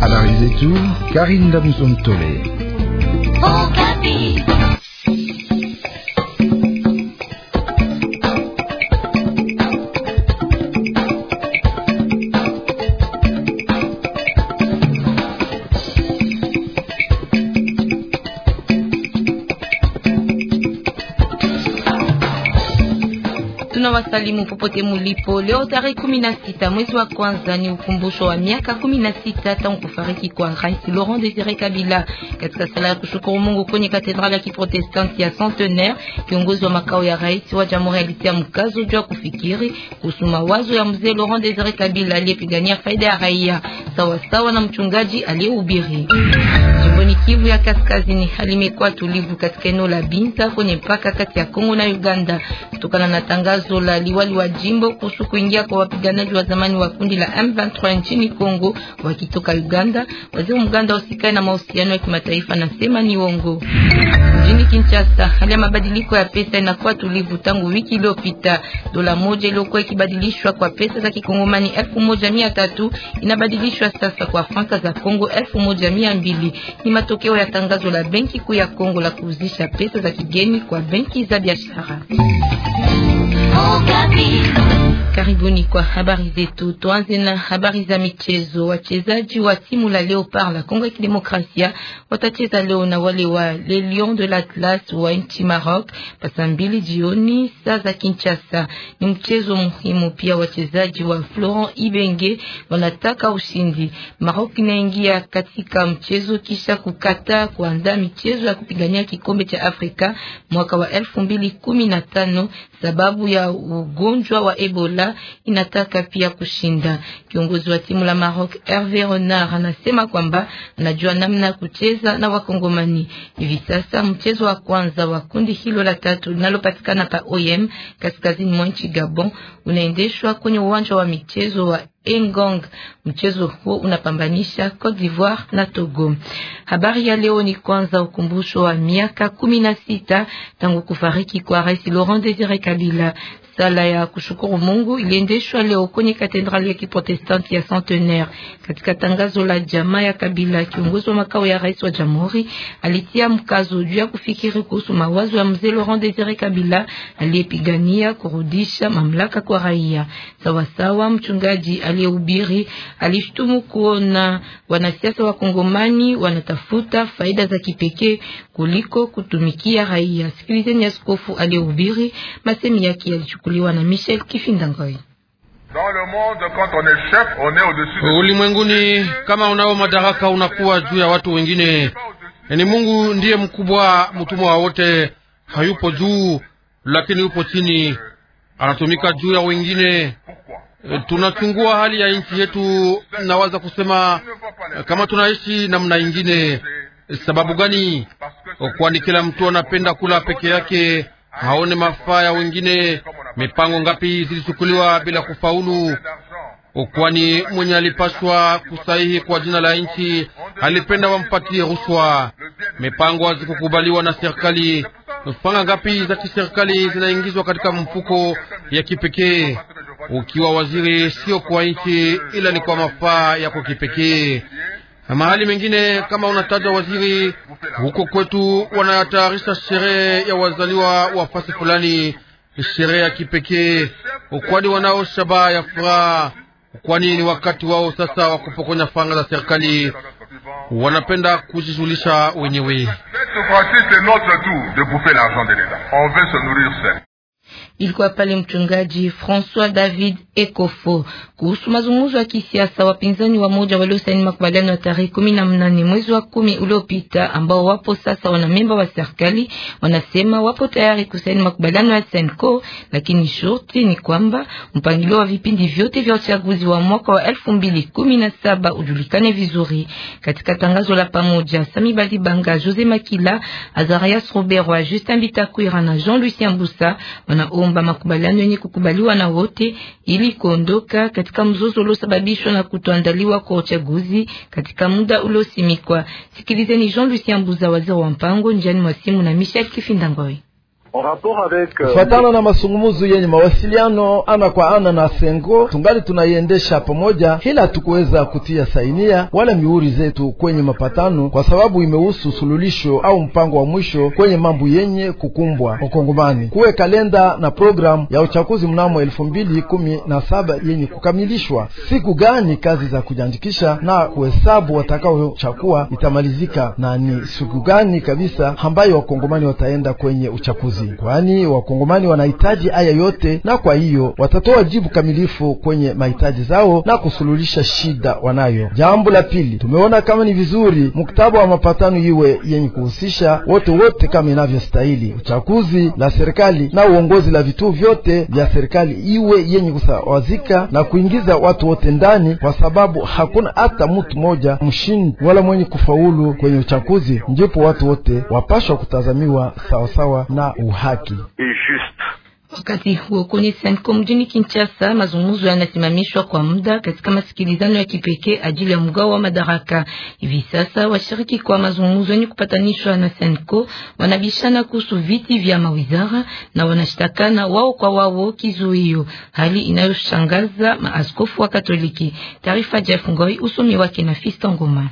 Habari zetu Karine Damsomtole. tunawasalimu popote mulipo. Leo tarehe kumi na sita mwezi wa kwanza ni ukumbusho wa miaka kumi na sita tangu kufariki kwa Rais Laurent Desire Kabila. Katika sala ya kushukuru Mungu kwenye katedrali ya Kiprotestanti ya Centenaire, kiongozi wa makao ya rais wa jamhuri alitia mkazo juu ya kufikiri kuhusu mawazo ya mzee Laurent Desire Kabila aliyepigania faida ya raia sawasawa na mchungaji aliyehubiri. Jimboni Kivu ya Kaskazini, hali imekuwa tulivu katika eneo la Binta kwenye mpaka kati ya Kongo na Uganda kutokana na tangazo Zola, liwali wa jimbo, kuhusu kuingia kwa wapiganaji wa zamani wa kundi la M23 nchini Kongo wakitoka Uganda. Waziri wa Uganda usikae na mahusiano ya kimataifa nasema ni uongo. Mjini Kinshasa, hali ya mabadiliko ya pesa inakuwa tulivu tangu wiki iliyopita. Dola moja iliyokuwa ikibadilishwa kwa pesa za kikongomani 1300 inabadilishwa sasa kwa franka za Kongo 1200. Ni matokeo ya tangazo la benki kuu ya Kongo la kuuzisha pesa za kigeni kwa benki za biashara. nunca vi. Karibuni kwa habari zetu. Tuanze na habari za michezo. Wachezaji wa timu la Leopard la Kongo ya Kidemokrasia watacheza leo na wale wa Le Lion de l'Atlas wa nchi Maroc pasa mbili jioni saa za Kinshasa. Ni mchezo muhimu pia. Wachezaji wa Florent Ibenge wanataka ushindi. Maroc inaingia katika mchezo kisha kukata kuandaa michezo ya kupigania kikombe cha Afrika mwaka wa elfu mbili kumi na tano sababu ya ugonjwa wa Ebola Angola inataka pia kushinda. Kiongozi wa timu la Maroc Hervé Renard anasema kwamba anajua namna ya kucheza na Wakongomani. Hivi sasa mchezo wa kwanza wa kundi hilo la tatu linalopatikana pa OM kaskazini mwa nchi Gabon unaendeshwa kwenye uwanja wa michezo wa Engong. Mchezo huo unapambanisha Cote d'Ivoire na Togo. Habari ya leo ni kwanza ukumbusho wa miaka kumi na sita tangu kufariki kwa Rais Laurent Desire Kabila. Sala ya kushukuru Mungu iliendeshwa leo kwenye katedrali ya Kiprotestanti ya Centenaire. Katika tangazo la jamaa ya Kabila, kiongozi wa makao ya rais wa jamhuri alitia mkazo juu ya kufikiri kuhusu mawazo ya mzee Laurent Desire Kabila aliyepigania kurudisha mamlaka kwa raia. Sawasawa mchungaji aliyehubiri alishtumu kuona wanasiasa wa Kongomani wanatafuta faida za kipekee kuliko kutumikia raia. Sikilizeni askofu aliyehubiri, masemi yake yalichukuliwa na Michel Kifindangoi. Ulimwenguni kama unao madaraka unakuwa juu ya watu wengine. Ni yaani Mungu ndiye mkubwa, mtumwa wa wote hayupo juu, lakini yupo chini, anatumika juu ya wengine. Eh, tunachungua hali ya nchi yetu, nawaza kusema eh, kama tunaishi namna ingine. Eh, sababu gani? Oh, kwani kila mtu anapenda kula peke yake, haone mafaa ya wengine. Mipango ngapi zilichukuliwa bila kufaulu? Oh, kwani mwenye alipashwa kusahihi kwa jina la nchi alipenda wampatie rushwa. Mipango hazikukubaliwa na serikali. Fanga ngapi za kiserikali zinaingizwa katika mfuko ya kipekee? ukiwa waziri sio kwa nchi, ila ni kwa mafaa yako kipekee. Mahali mengine kama unataja waziri huko kwetu, wanayatayarisha sherehe ya wazaliwa wa fasi fulani, sherehe ya kipekee, kwani wanao shabaha ya furaha, kwani ni wakati wao sasa wa kupokonya fanga za serikali. Wanapenda kujizulisha wenyewe. Ilikuwa pale mchungaji Francois David Ekofo kuhusu mazungumzo ya kisiasa. Wapinzani wa moja waliosaini makubaliano ya tarehe kumi na mnane mwezi wa kumi uliopita, ambao wapo sasa wanamemba wa serikali, wanasema wapo tayari kusaini makubaliano ya Senko, lakini shurti ni kwamba mpangilio wa vipindi vyote vya uchaguzi wa mwaka wa elfu mbili kumi na saba ujulikane vizuri. Katika tangazo la pamoja, Sami Balibanga, Jose Makila, Azarias Roberwa, Justin Bitakwira na Jean Lucien Busa wana wanaomba makubaliano yenye kukubaliwa na wote ili kuondoka katika mzozo uliosababishwa na kutoandaliwa kwa uchaguzi katika muda uliosimikwa. Sikilizeni Jean Lucien buza waziri wa mpango, njiani mwa simu na Michel Kifindangoi. Kufatana euh, na masungumuzo yenye mawasiliano ana kwa ana na Sengo, tungali tunaiendesha pamoja, hila tukuweza kutia sainia wala mihuri zetu kwenye mapatano, kwa sababu imehusu sululisho au mpango wa mwisho kwenye mambo yenye kukumbwa Wakongomani, kuwe kalenda na programu ya uchaguzi mnamo elfu mbili kumi na saba yenye kukamilishwa siku gani, kazi za kujiandikisha na kuhesabu watakaochakua itamalizika na ni siku gani kabisa ambayo wakongomani wataenda kwenye uchaguzi ukombozi, kwani wakongomani wanahitaji haya yote, na kwa hiyo watatoa jibu kamilifu kwenye mahitaji zao na kusululisha shida wanayo. Jambo la pili, tumeona kama ni vizuri mkataba wa mapatano iwe yenye kuhusisha wote wote kama inavyostahili. Uchaguzi la serikali na uongozi la vituo vyote vya serikali iwe yenye kusawazika na kuingiza watu wote ndani, kwa sababu hakuna hata mtu mmoja mshindi wala mwenye kufaulu kwenye uchaguzi. Ndipo watu wote wapashwa kutazamiwa sawasawa na uhaki. Wakati huo kwenye Senko mjini Kinshasa, mazungumzo yanasimamishwa kwa muda katika masikilizano ya kipekee ajili ya mgao wa madaraka. Hivi sasa washiriki kwa mazungumzo yenye kupatanishwa na Senko wanabishana kuhusu viti vya mawizara na wanashitakana wao kwa wao kizuio, hali inayoshangaza maaskofu wa Katoliki. Taarifa Jeff Ngoi, usomi wake na Fista Ngoma.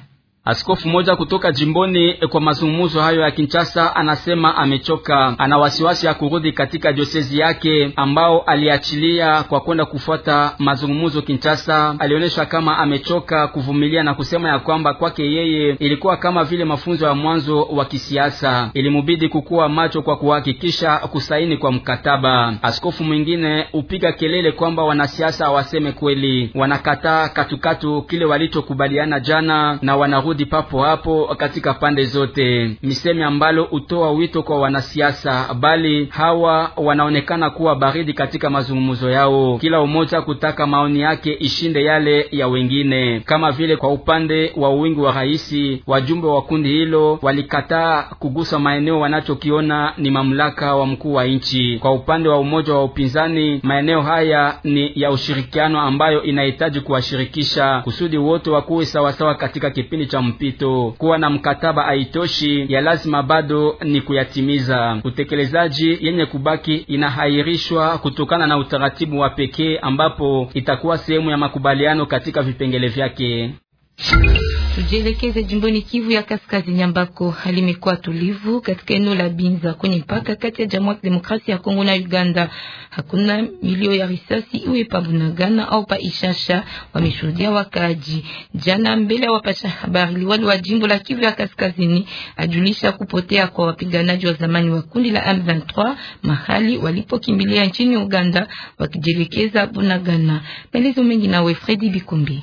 Askofu mmoja kutoka jimboni eh, kwa mazungumzo hayo ya Kinshasa anasema amechoka, ana wasiwasi ya kurudi katika diosezi yake ambao aliachilia kwa kwenda kufuata mazungumzo Kinshasa. Alionyesha kama amechoka kuvumilia na kusema ya kwamba kwake yeye ilikuwa kama vile mafunzo ya mwanzo wa kisiasa, ilimubidi kukuwa macho kwa kuhakikisha kusaini kwa mkataba. Askofu mwingine upiga kelele kwamba wanasiasa waseme kweli, wanakataa katukatu kile walichokubaliana jana na wanarudi kurudi papo hapo katika pande zote, misemi ambalo utoa wito kwa wanasiasa, bali hawa wanaonekana kuwa baridi katika mazungumzo yao, kila umoja kutaka maoni yake ishinde yale ya wengine. Kama vile kwa upande wa wingi wa raisi, wajumbe wa kundi hilo walikataa kugusa maeneo wanachokiona ni mamlaka wa mkuu wa nchi. Kwa upande wa umoja wa upinzani, maeneo haya ni ya ushirikiano ambayo inahitaji kuwashirikisha kusudi wote wakuwe sawasawa katika kipindi cha mpito. Kuwa na mkataba haitoshi, ya lazima bado ni kuyatimiza. Utekelezaji yenye kubaki inahairishwa kutokana na utaratibu wa pekee ambapo itakuwa sehemu ya makubaliano katika vipengele vyake. Tujielekeze jimboni Kivu ya Kaskazini ambako hali imekuwa tulivu katika eneo la Binza kwenye mpaka kati ya Jamhuri ya Kidemokrasia ya Kongo na Uganda. Hakuna milio ya risasi iwe pa Bunagana au pa Ishasha, wameshuhudia wakaaji. Jana mbele ya wapasha habari, liwali wa jimbo la Kivu ya Kaskazini ajulisha kupotea kwa wapiganaji wa zamani wa kundi la M23 mahali walipokimbilia nchini Uganda wakijielekeza Bunagana. Maelezo mengi nawe Fredi Bikumbi.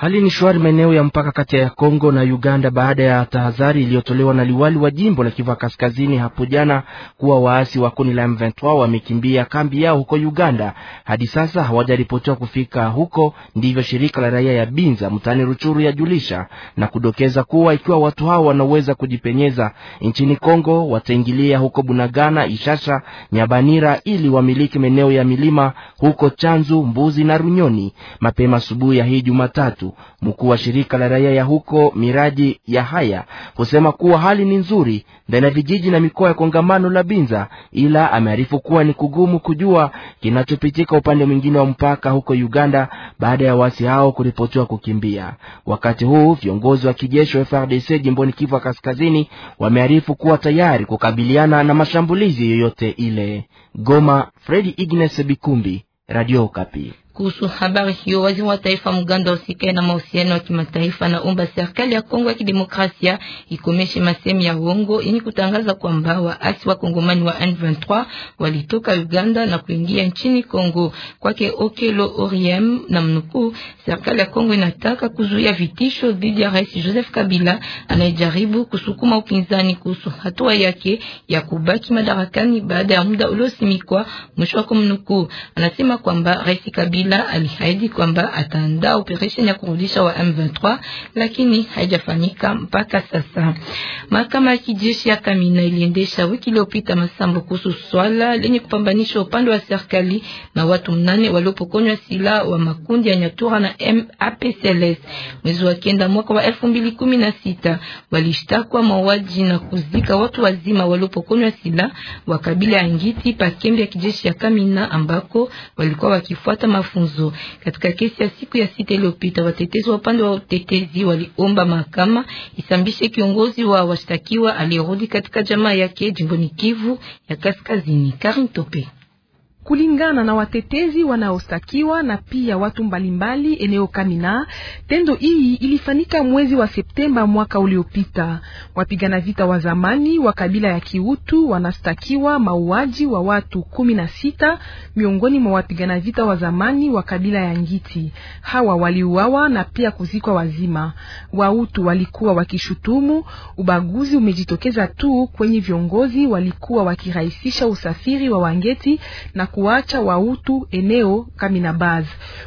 Hali ni shwari maeneo ya mpaka kati ya Kongo na Uganda baada ya tahadhari iliyotolewa na liwali wa jimbo la Kivu Kaskazini hapo jana kuwa waasi wa kundi la M23 wamekimbia kambi yao huko Uganda. Hadi sasa hawajaripotiwa kufika huko, ndivyo shirika la raia ya Binza mtaani Ruchuru yajulisha na kudokeza kuwa ikiwa watu hao wanaweza kujipenyeza nchini Kongo wataingilia huko Bunagana, Ishasha, Nyabanira ili wamiliki maeneo ya milima huko Chanzu, Mbuzi na Runyoni. Mapema asubuhi ya hii Jumatatu mkuu wa shirika la raia ya huko Miraji ya Haya husema kuwa hali ni nzuri ndani ya vijiji na mikoa ya kongamano la Binza, ila amearifu kuwa ni kugumu kujua kinachopitika upande mwingine wa mpaka huko Uganda baada ya wasi hao kuripotiwa kukimbia. Wakati huu viongozi wa kijeshi wa frdc jimboni Kivu wa Kaskazini wamearifu kuwa tayari kukabiliana na mashambulizi yoyote ile. Goma, Fredi Ignace Bikumbi, Radio Okapi. Kuhusu habari hiyo, waziri wa taifa mganda usikae na mahusiano ya kimataifa na umba serikali ya Kongo ya Kidemokrasia ikomeshe masemi ya uongo yenye kutangaza kwamba waasi wa Kongomani wa n 23 walitoka Uganda na kuingia nchini Kongo. Kwake Okelo Oriem na mnukuu, serikali ya Kongo inataka kuzuia vitisho dhidi ya Rais Joseph Kabila anayejaribu kusukuma upinzani kuhusu hatua yake ya kubaki madarakani baada ya muda uliosimikwa. Mwisho wa kumnukuu, anasema kwamba Rais Kabila Kabila alihaidi kwamba ataandaa operesheni ya kurudisha wa M23, lakini haijafanyika mpaka sasa. Mahakama ya kijeshi ya Kamina iliendesha wiki iliyopita masambo kuhusu swala lenye kupambanisha upande wa serikali na watu mnane waliopokonywa silaha wa makundi ya Nyatura na MAPCLS mwezi wa kenda mwaka wa 2016 walishtakwa mauaji na kuzika watu wazima waliopokonywa silaha wa kabila ya Ngiti pa kambi ya kijeshi ya Kamina ambako walikuwa wakifuata mafunzo mafunzo. Katika kesi ya siku ya sita iliyopita, watetezi wa upande wa utetezi waliomba mahakama isambishe kiongozi wa washtakiwa aliyerudi katika jamaa yake jimboni Kivu ya Kaskazini, Karin Tope. Kulingana na watetezi wanaostakiwa na pia watu mbalimbali eneo Kamina, tendo hii ilifanyika mwezi wa Septemba mwaka uliopita. Wapigana vita wa zamani wa kabila ya Kiutu wanastakiwa mauaji wa watu kumi na sita miongoni mwa wapigana vita wa zamani wa kabila ya Ngiti. Hawa waliuawa na pia kuzikwa wazima. Wautu walikuwa wakishutumu ubaguzi umejitokeza tu kwenye viongozi walikuwa wakirahisisha usafiri wa Wangeti na ku kuacha wa utu eneo Kaminabaz.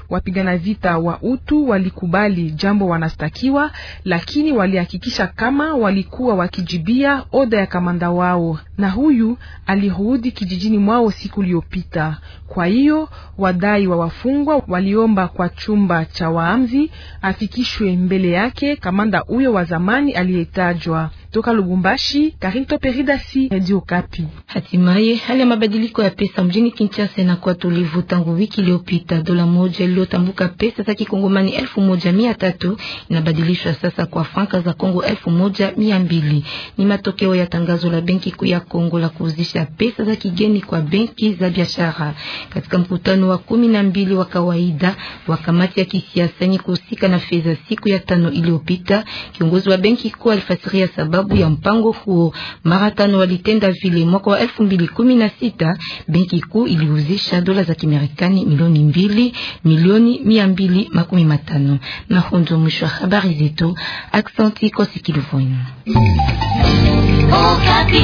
Wapigana vita wa utu walikubali jambo wanastakiwa, lakini walihakikisha kama walikuwa wakijibia oda ya kamanda wao, na huyu alirudi kijijini mwao siku iliyopita. Kwa hiyo wadai wa wafungwa waliomba kwa chumba cha waamzi afikishwe mbele yake kamanda huyo wa zamani aliyetajwa. Toka Lubumbashi, Karim Toperi Radio Okapi. Hatimaye hali ya mabadiliko ya pesa mjini Kinshasa inakuwa tulivu tangu wiki iliyopita. Dola moja iliyotambuka pesa za kikongomani elfu moja mia tatu inabadilishwa sasa kwa franka za Kongo elfu moja mia mbili. Ni matokeo ya tangazo la Benki Kuu ya Kongo la kuuzisha pesa za kigeni kwa benki za biashara. Katika mkutano wa kumi na mbili wa kawaida wa kamati ya kisiasa yenye kuhusika na fedha siku ya tano iliyopita, kiongozi wa Benki Kuu alifasiria sababu sababu ya mpango huo. Mara tano walitenda vile. Mwaka wa elfu mbili kumi na sita benki kuu iliuzisha dola za Kimarekani milioni mbili milioni mia mbili makumi matano na hundo. Mwisho wa habari zetu, aksanti kwa sikilivoni Okapi.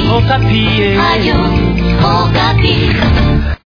Okapi.